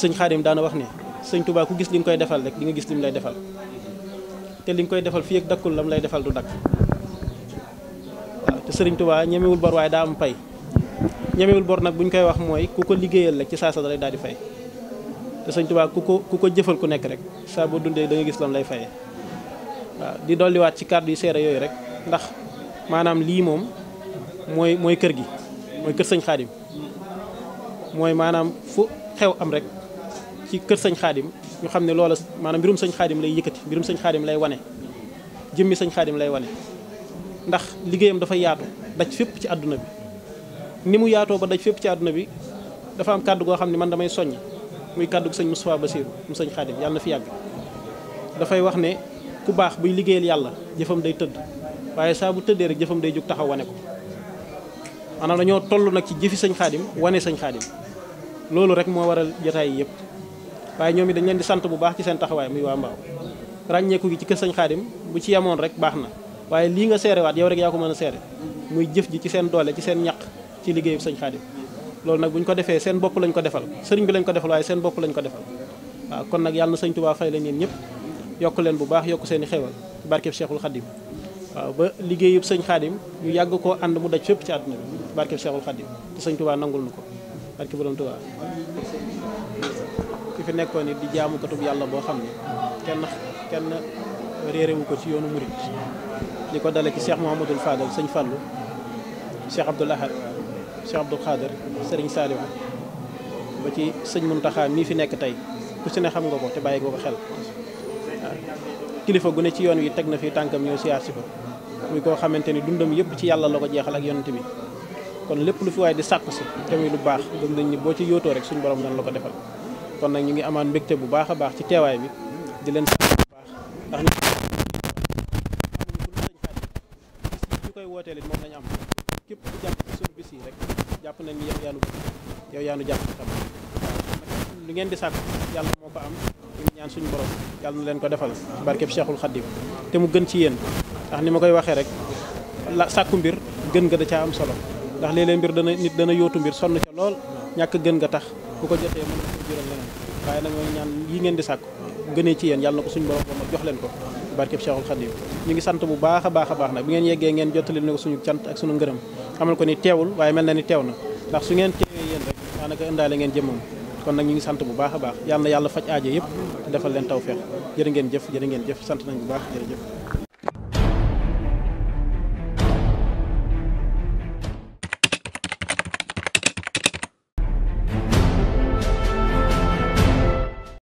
sëñ Xaadim daana wax ne sëñ tubaa ku gis li nga koy defal rek di nga gis li mu lay defal te li nga koy defal fii ak dakkul lam lay defal du dakk waaw te sëriñ Touba ñemewul bor waaye daa am pay ñemewul bor nag bu ñu koy wax mooy ku ko liggéeyal rek ci saa sa da lay daal di fay te sëñ Touba ku ko ku ko jëfal ku nekk rek saa boo dundee da nga gis lam lay fayee waaw di dolliwaat ci kàddu yu seere yooyu rek ndax maanaam lii moom mooy mooy kër gi mooy k sëñ mooy maanaam fu xew am rek. ci kër sañ xaadim ñu xam ne loola maanaam mbirum sëñ xaadim lay yëkkati mbirum sëñ xaadim lay wane jëmmi sañ xaadim lay wane ndax liggéeyam dafa yaatu daj fépp ci àdduna bi ni mu yaatoo ba daj fépp ci àdduna bi dafa am kàddu goo xam ne man damay soññ muy kàddu sëñ Moustapha Bassirou mu sañ xaadim yàlla na fi yàgg dafay wax ne ku baax buy liggéeyal yàlla jëfam day tëdd waaye saa bu tëddee rek jëfam day jóg taxaw wane ko maanaam dañoo toll nag ci jëfi sëñ xaadim wane sëñ xaadim loolu rek moo waral jotaay yëpp waaye ñoom it dañ leen di sant bu baax ci seen taxawaay muy waa mbaaw ràññeeku gi ci kër sëñ xaadim bu ci yemoon rek baax na waaye lii nga seere waat yow rek yaa ko mën a seere muy jëf ji ci seen doole ci seen ñaq ci liggéeyu sëñ xaadim loolu nag bu ñu ko defee seen bopp lañ ko defal sëriñ bi lañ ko defal waaye seen bopp lañ ko defal waaw kon nag yàlla na sëñ tubaa fay leen yéen ñëpp yokk leen bu baax yokk seen i xewal ci barkeb cheikhul xadim waaw ba liggéeyub sëñ xaadim ñu yàgg koo ànd mu daj fépp ci àdduna bi barkeb cheikhul xadim te sëñ tubaa nangul nu ko barke borom tubaa fi nekkoon it di jaamu katub yàlla boo xam ne kenn kenn réerewu ko ci yoonu murit li ko dale ci Cheikh Mouhamadul Fadal sëñ Fallou Cheikh Abdoul Ahad Cheikh Abdoul Khader Serigne Saliou ba ci sëñ Mountakha mii fi nekk tey ku ne xam nga ko te bàyyi nga ko xel kilifa gu ne ci yoon wi teg na fi tànkam ñëw siyaar si ko muy koo xamante ni dundam yëpp ci yàlla la ko jeexal ak yonent bi kon lépp lu fi waaye di sàkku si te muy lu baax gëm dañ ni boo ci yootoo rek suñu borom dana la ko defal kon nak ñu ngi amane mbekté bu baaxa baax ci téway bi di leen sax bu baax ndax ñu ñu koy woté it mom lañu am képp ku japp ci sun bisi rek japp nañ ni yow yaanu yow yaanu jàpp tam lu ngeen di sax yalla moo ko am ñu ñaan suñu borom yalla na leen ko defal barké Cheikhul Khadim té mu gën ci yeen ndax ni ma koy waxé rek la sàkku mbir gën nga da ca am solo ndax lélé léeg mbir dana nit dana yotu mbir sonn ca lool ñak gën nga tax bu ko jotee mën na ko jural leneen waaye nag mooy ñaan yi ngeen di sàkk gënee ci yéen yàlla na ko suñu borom ma jox leen ko barkeb Cheikhul Khadim ñu ngi sant bu baax a baax a baax nag bi ngeen yeggee ngeen jottali ne ko suñu cant ak suñu ngërëm xamal ko ni teewul waaye mel na ni teew na ndax su ngeen teewee yéen rek daanaka indaale ngeen jëmmam kon nag ñu ngi sant bu baax a baax yàlla yàlla faj aajo yëpp defal leen tawfeex jërë ngeen jëf jërë ngeen jëf sant nañ bu baax jërëjëf